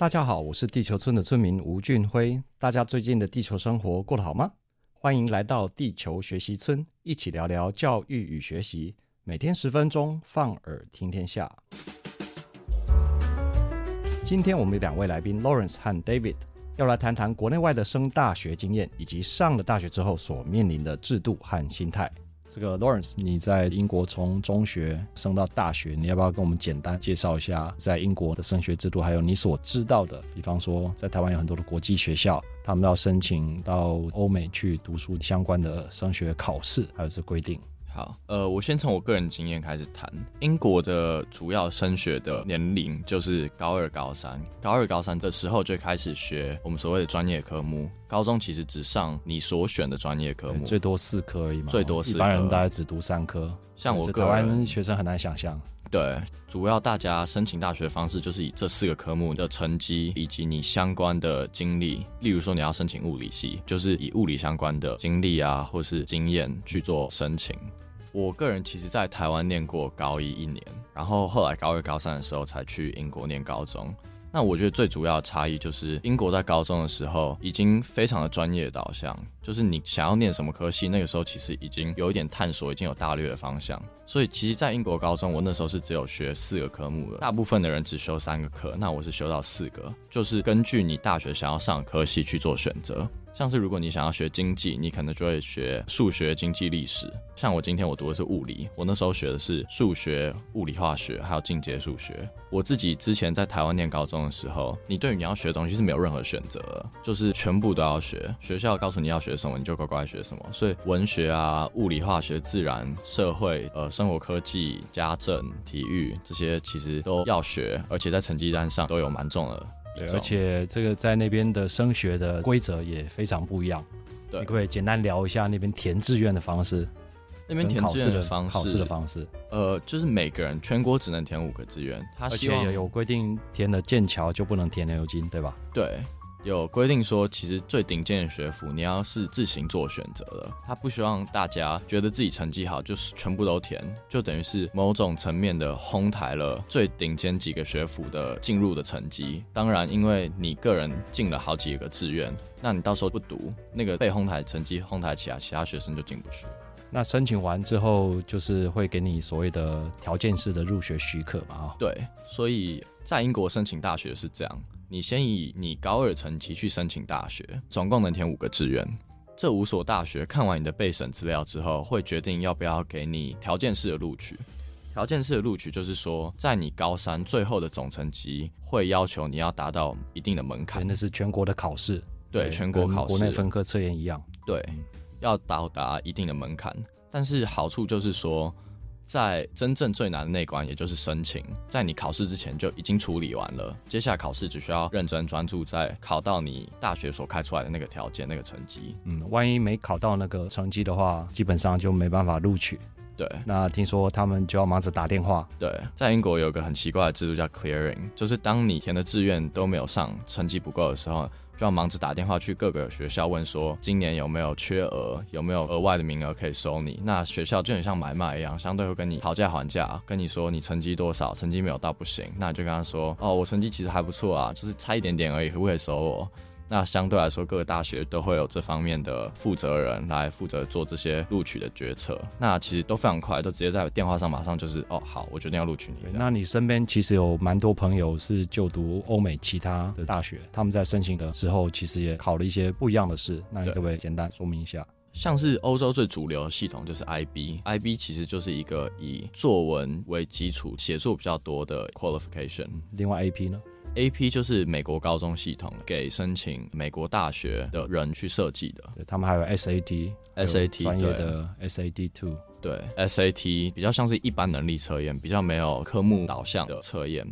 大家好，我是地球村的村民吳俊輝。大家最近的地球生活過得好嗎？歡迎來到地球學習村，一起聊聊教育與學習。每天十分鐘，放耳聽天下。今天我們有兩位來賓 Lawrence 和 David，要來談談國內外的升大學經驗，以及上了大學之後所面臨的制度和心態。這個 Lawrence，你在英國從中學升到大學，你要不要跟我們簡單介紹一下在英國的升學制度，還有你所知道的？比方說，在台灣有很多的國際學校，他們要申請到歐美去讀書相關的升學考試，還有這規定。好，呃，我先從我個人經驗開始談。英國的主要升學的年齡就是高二、高三。高二、高三的時候就開始學我們所謂的專業科目。高中其實只上你所選的專業科目，最多四科而已嘛。最多四科，一般人大概只讀三科。像我這個台灣學生很難想象。對，主要大家申請大學的方式就是以這四個科目的成績以及你相關的經歷，例如說你要申請物理系，就是以物理相關的經歷啊，或是經驗去做申請。我個人其實在台灣唸過高一一年，然後後來高二高三的時候才去英國唸高中。那我覺得最主要的差異就是，英國在高中的時候已經非常的專業的導向，就是你想要念什麼科系，那個時候其實已經有一點探索，已經有大略的方向。所以其實，在英國高中，我那時候是只有學四個科目了，大部分的人只修三個科。那我是修到四個，就是根據你大學想要上的科系去做選擇。像是如果你想要學經濟，你可能就會學數學、經濟、歷史。像我今天我讀的是物理，我那時候學的是數學、物理、化學，還有進階數學。我自己之前在台灣念高中的時候，你對於你要學的東西是沒有任何選擇的，就是全部都要學。學校告訴你要學什麼，你就乖乖學什麼。所以文學啊、物理、化學、自然、社會、呃、生活科技、家政、體育這些，其實都要學，而且在成績單上都有蠻重的。對，而且這個在那邊的升學的規則也非常不一樣。對，你可以簡單聊一下那邊填志願的方式。那邊填志願的，考試的方式，考試的方式。呃，就是每個人全國只能填五個志願，他希望而且有規定填了劍橋就不能填牛津，對吧？對。有規定說，其實最頂尖的學府，你要是自行做選擇的，他不希望大家覺得自己成績好就是全部都填，就等於是某種層面的哄抬了最頂尖幾個學府的進入的成績。當然，因為你個人進了好幾個志願，那你到時候不讀，那個被哄抬成績哄抬起來，其他學生就進不去。那申請完之後，就是會給你所謂的條件式的入學許可嘛？對，所以在英國申請大學是這樣。你先以你高二成績去申請大學，總共能填五個志願。這五所大學看完你的備審資料之後，會決定要不要給你條件式的錄取。條件式的錄取就是說，在你高三最後的總成績會要求你要達到一定的門檻。欸，那是全國的考試，對，全國考試，國內分科測驗一樣。對，要到達一定的門檻。嗯，但是好處就是說。在真正最難的那一關，也就是申請，在你考試之前就已經處理完了。接下來考試只需要認真專注，在考到你大學所開出來的那個條件、那個成績。嗯，萬一沒考到那個成績的話，基本上就沒辦法錄取。對，那聽說他們就要忙着打電話。對，在英國有個很奇怪的制度叫 clearing，就是當你填的志願都沒有上，成績不夠的時候。就要忙着打電話去各個學校問說，今年有沒有缺額，有沒有額外的名額可以收你？那學校就很像買賣一樣，相對會跟你討價還價，跟你說你成績多少，成績沒有到不行。那你就跟他說哦，我成績其實還不錯啊，就是差一點點而已，可不可以收我？那相對來說，各個大學都會有這方面的負責人來負責做這些錄取的決策。那其實都非常快，都直接在電話上馬上就是哦，好，我決定要錄取你。那你身邊其實有蠻多朋友是就讀歐美其他的大學，他們在申請的時候其實也考了一些不一樣的試。那可不可以簡單說明一下？像是歐洲最主流的系統就是 IB，IB IB 其實就是一個以作文為基礎、寫作比較多的 qualification。另外 AP 呢？A P 就是美國高中系統給申請美國大學的人去設計的。對，他們還有 S A T、S A T 專業的 S A T 2。對，對，S A T 比較像是一般能力測驗，比較沒有科目導向的測驗。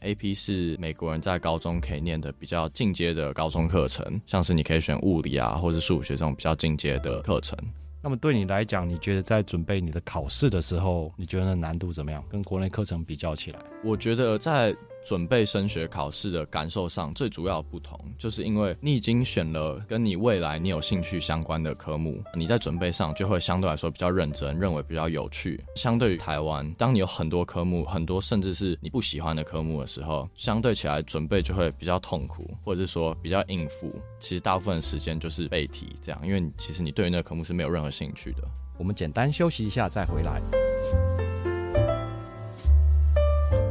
A P 是美國人在高中可以念的比較進階的高中課程，像是你可以選物理啊，或者是數學這種比較進階的課程。那麼對你來講，你覺得在準備你的考試的時候，你覺得那難度怎麼樣？跟國內課程比較起來，我覺得在。準備升學考試的感受上，最主要的不同，就是因為你已經選了跟你未來你有興趣相關的科目，你在準備上就會相對來說比較認真，認為比較有趣。相對於台灣，當你有很多科目，很多甚至是你不喜歡的科目的時候，相對起來準備就會比較痛苦，或者是說比較應付。其實大部分時間就是背題這樣，因為其實你對於那個科目是沒有任何興趣的。我們簡單休息一下再回來。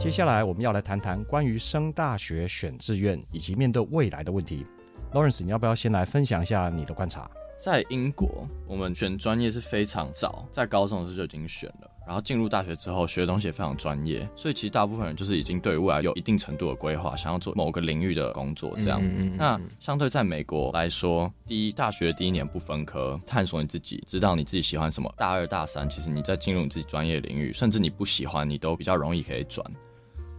接下來我們要來談談關於升大學、選志願以及面對未來的問題。Lawrence，你要不要先來分享一下你的觀察？在英國，我們選專業是非常早，在高中的時候就已經選了，然後進入大學之後學的東西也非常專業，所以其實大部分人就是已經對未來有一定程度的規劃，想要做某個領域的工作，這樣，嗯嗯嗯嗯。那相對在美國來說，第一，大學第一年不分科，探索你自己，知道你自己喜歡什麼。大二大三，其實你在進入你自己專業領域，甚至你不喜歡，你都比較容易可以轉。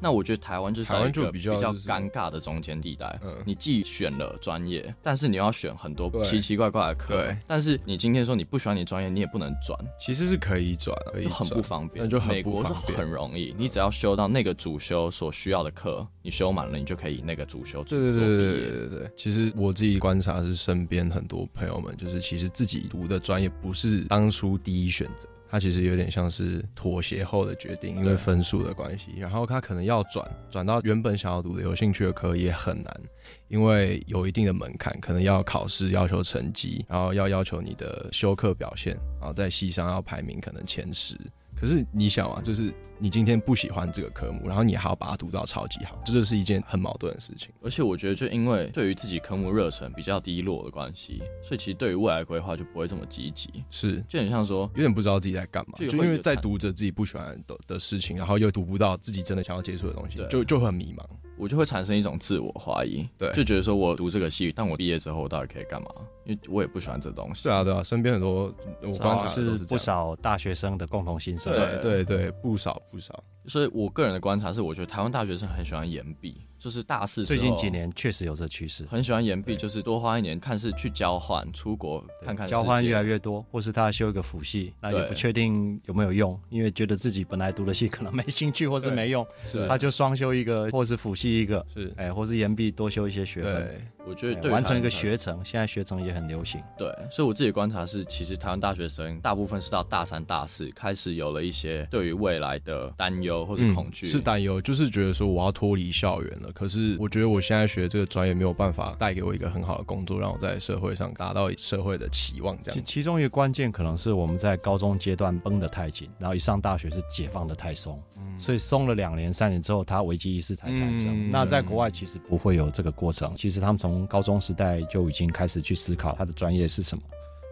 那我覺得台灣就是台灣就比較尷尬的中間地帶，就是。嗯，你既選了專業，但是你又要選很多奇奇怪怪、怪的課。對，但是你今天說你不喜歡你專業，你也不能轉，其實是可以轉，啊，可以轉，就很不方便。那就很不方便，美國是很容易，嗯、你只要修到那個主修所需要的課，你修滿了，你就可以那個主修主。對對對對對對。其實我自己觀察是，身邊很多朋友們就是，其實自己讀的專業不是當初第一選擇。他其實有點像是妥協後的決定，因為分數的關係，對然後他可能要轉轉到原本想要讀的有興趣的科也很難，因為有一定的門檻，可能要考試要求成績，然後要要求你的修課表現，然後在系上要排名可能前十。可是你想啊，就是你今天不喜歡這個科目，然後你還要把它讀到超級好，就這就是一件很矛盾的事情。而且我覺得，就因為對於自己科目熱忱比較低落的關係，所以其實對於未來規劃就不會這麼積極。是，就很像說，有點不知道自己在幹嘛，就因為在讀着自己不喜歡的的事情，然後又讀不到自己真的想要接觸的東西，對了，就就會很迷茫。我就會產生一種自我懷疑，對就覺得說我讀這個系，但我畢業之後我到底可以幹嘛？因為我也不喜歡這東西。對啊，對啊，身邊很多我觀察是不少大學生的共同心聲。對對對，不少不少。所以我個人的觀察是，我覺得台灣大學生很喜歡岩壁。就是大勢。最近幾年確實有這趨勢。很喜歡延畢，就是多花一年看似去交換，對出國看看。交換越來越多，或是他修一個輔系，對那也不確定有沒有用，因為覺得自己本來讀的系可能沒興趣，或是沒用，對他就雙修一個，對或是輔系一個，是哎、欸，或是延畢多修一些學分。對。我覺得對，完成一個學程，現在學程也很流行。對，所以我自己觀察的是，其實台灣大學生大部分是到大三、大四開始有了一些對於未來的擔憂或者恐懼、嗯。是擔憂，就是覺得說我要脫離校園了。可是我覺得我現在學這個專業沒有辦法帶給我一個很好的工作，讓我在社會上達到社會的期望。這樣其，其中一個關鍵可能是我們在高中階段繃得太緊，然後一上大學是解放得太鬆，嗯、所以鬆了兩年、三年之後，它危機意識才產生。嗯、那在國外其實不會有這個過程，其實他們從從高中時代就已經開始去思考他的專業是什麼。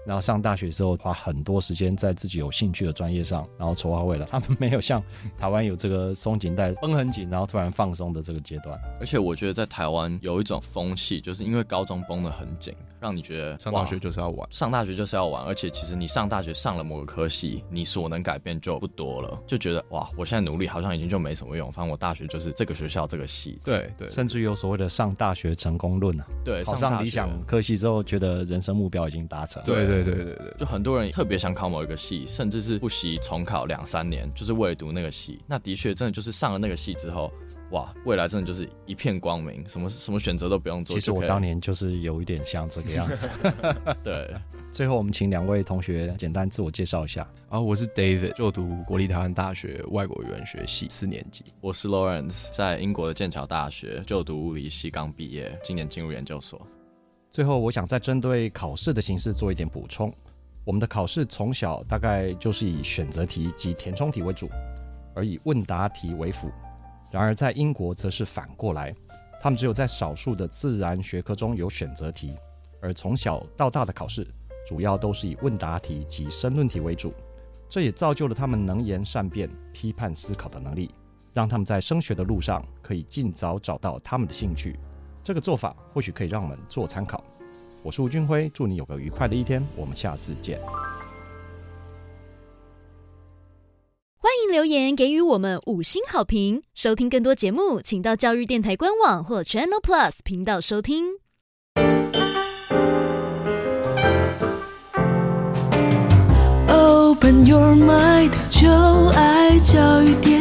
然後上大學之後花很多時間在自己有興趣的專業上，然後籌劃未來。他們沒有像台灣有這個鬆緊帶，繃很緊，然後突然放鬆的這個階段。而且我覺得在台灣有一種風氣，就是因為高中繃得很緊，讓你覺得上大學就是要玩，上大學就是要玩。而且其實你上大學上了某個科系，你所能改變就不多了，就覺得哇，我現在努力好像已經就沒什麼用。反正我大學就是這個學校這個系。對對。對，甚至有所謂的上大學成功論啊。對。考上，上理想科系之後，覺得人生目標已經達成。對對。對。對，對對對對，就很多人特別想考某一個系，甚至是不惜重考兩三年，就是為了讀那個系。那的確，真的就是上了那個系之後，哇，未來真的就是一片光明，什麼什麼選擇都不用做。其實我當年就是有一點像這個樣子。 對，最後我們請兩位同學簡單自我介紹一下。啊，oh, 我是 David，就讀國立台灣大學外國語言學系四年級。我是 Lawrence，在英國的劍橋大學就讀物理系，剛畢業，今年進入研究所。最後，我想再針對考試的形式做一點補充。我們的考試從小大概就是以選擇題及填充題為主，而以問答題為輔。然而，在英國則是反過來，他們只有在少數的自然學科中有選擇題，而從小到大的考試主要都是以問答題及申論題為主。這也造就了他們能言善辯、批判思考的能力，讓他們在升學的路上可以盡早找到他們的興趣。這個做法或許可以讓我們做參考。我是吳俊輝，祝你有個愉快的一天，我們下次見。歡迎留言給予我們五星好評，收聽更多節目，請到教育電台官網或 Channel Plus 頻道收聽。Open your mind，就愛教育電。